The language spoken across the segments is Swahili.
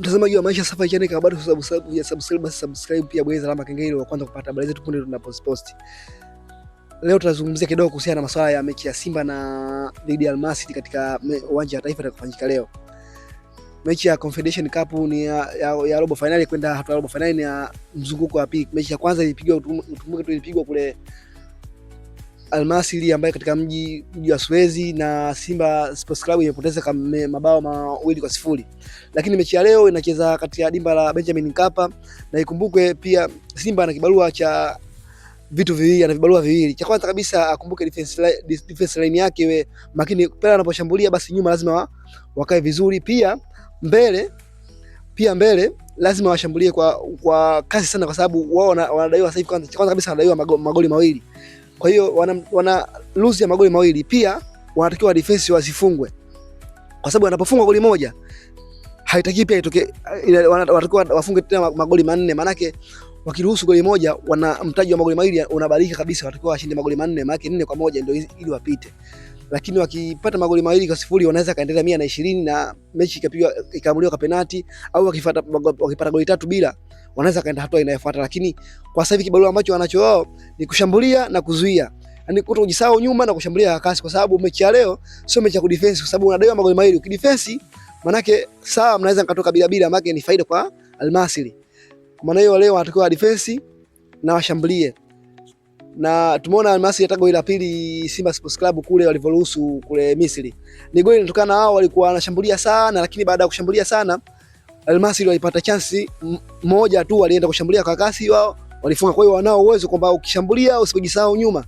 Mtazamaji wa Maisha Safa Channel, kama bado hujasubscribe, subscribe pia bonyeza alama kengele wa kwanza kupata habari zetu punde tunapoziposti. Leo tutazungumzia kidogo kuhusiana na masuala ya mechi ya Simba na dhidi ya Almasi katika uwanja wa Taifa itakayofanyika leo. Mechi ya Confederation Cup ni ya, ya, ya robo finali kwenda hatua robo finali ni ya mzunguko wa pili. Mechi ya kwanza ilipigwa utumbuke tu ilipigwa kule Almasiri ambaye katika mji mji wa Suezi na Simba Sports Club imepoteza mabao mawili kwa sifuri, lakini mechi ya leo inacheza katika dimba la Benjamin Mkapa, na ikumbukwe pia Simba ana kibarua cha vitu viwili, ana vibarua viwili. Cha kwanza kabisa akumbuke defense line, defense line yake iwe makini pale anaposhambulia, basi nyuma lazima wakae vizuri, pia mbele pia mbele lazima washambulie kwa, kwa kasi sana, kwa sababu wao wanadaiwa sasa hivi, kwanza kabisa wanadaiwa magoli mawili kwa hiyo wana, wana lose ya magoli mawili, pia wanatakiwa defense wasifungwe, kwa sababu wanapofungwa goli moja haitakii pia itoke wanatakiwa wafunge tena magoli manne, manake wakiruhusu goli moja wana mtaji wa magoli mawili unabadilika kabisa, wanatakiwa washinde magoli manne, maana nne kwa moja ndio ili wapite. Lakini wakipata magoli mawili kwa sifuri wanaweza kaendelea mia na ishirini na mechi ikapigwa ikaamuliwa kwa penalti, au wakipata goli tatu bila wanaweza kaenda hatua inayofuata, lakini kwa sasa hivi kibarua ambacho wanacho wao ni kushambulia na kuzuia, yani kujisahau nyuma na kushambulia kwa kasi, kwa sababu mechi ya leo sio mechi ya kudefense, kwa sababu unadaiwa magoli mawili. Ukidefense manake sawa, mnaweza mkatoka bila bila, manake ni faida kwa Almasiri. Kwa maana hiyo leo wanatakiwa defense na washambulie na tumeona Almasri hata goli la pili Simba Sports Club kule walivyoruhusu kule Misri, ni goli linatokana na wao walikuwa wanashambulia sana, lakini baada ya kushambulia sana Almasi walipata chansi moja tu, walienda kushambulia kwa kasi wao walifunga. Kwa hiyo wanao uwezo kwamba ukishambulia usipojisahau nyuma,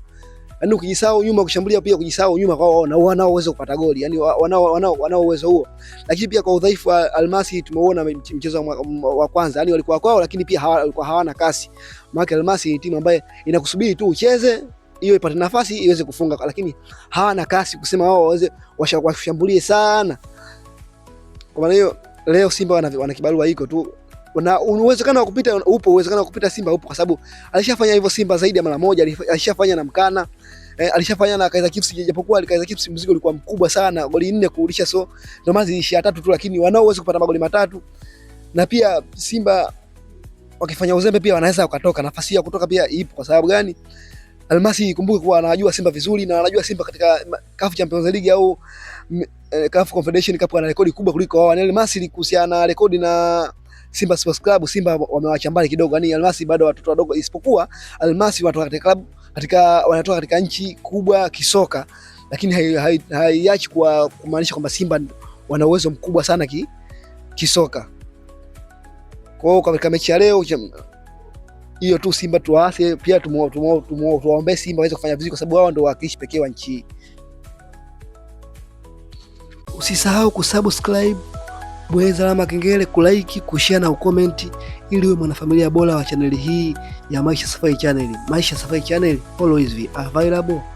yani ukijisahau nyuma kushambulia, pia kujisahau nyuma kwa wao, na wanao uwezo kupata goli, yani wanao wanao wanao uwezo huo. Lakini pia kwa udhaifu wa Almasi tumeona mchezo wa kwanza, yani walikuwa kwao, lakini pia hawa, walikuwa hawana kasi. Maana Almasi ni timu ambayo inakusubiri tu ucheze hiyo ipate nafasi iweze kufunga, lakini hawana kasi kusema wao waweze washambulie sana. Kwa maana hiyo leo Simba wana, wana kibarua iko tu na uwezekano wa kupita upo, uwezekano wa kupita Simba upo, kwa sababu alishafanya hivyo Simba zaidi ya mara moja. Alishafanya na Mkana eh, alishafanya na Kaizer Chiefs, japokuwa Kaizer Chiefs mzigo ulikuwa mkubwa sana, goli nne kuulisha, so ndio maana zilishia tatu tu, lakini wanao uwezo kupata magoli matatu, na pia Simba wakifanya uzembe pia wanaweza wakatoka, nafasi ya kutoka pia ipo. Kwa sababu gani? Almasi, kumbuke kuwa anajua Simba vizuri na anajua Simba katika CAF Champions League au CAF eh, Confederation Cup ana rekodi kubwa kuliko wao. Yaani Almasi kuhusiana na rekodi na Simba Sports Club, Simba wamewacha mbali kidogo, Yaani Almasi bado watoto wadogo, isipokuwa Almasi wanatoka katika club katika wanatoka katika nchi kubwa kisoka, lakini haiachi hai, hai kwa kumaanisha kwamba Simba wana uwezo mkubwa sana ki, kisoka. Kwa hiyo katika mechi ya leo hiyo tu Simba tuwaase pia, tuwaombee Simba waweze kufanya vizuri, kwa sababu wao ndio wawakilishi pekee wa nchi hii. Usisahau kusubscribe, bweza alama kengele, kulaiki kushare na ukomenti ili uwe mwanafamilia bora wa chaneli hii ya Maisha Safari Channel. Maisha Safari Channel always be available.